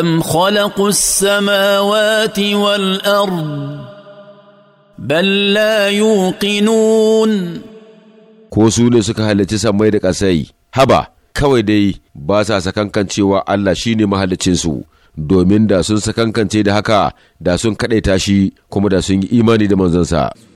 أم خلقوا السماوات والأرض بل لا يوقنون ko su ne suka halarci sammai da ƙasai haba kawai dai ba sa sakankan Allah shi ne mahalicinsu domin da sun sakankance da haka da sun kaɗaita tashi kuma da sun yi imani da manzansa.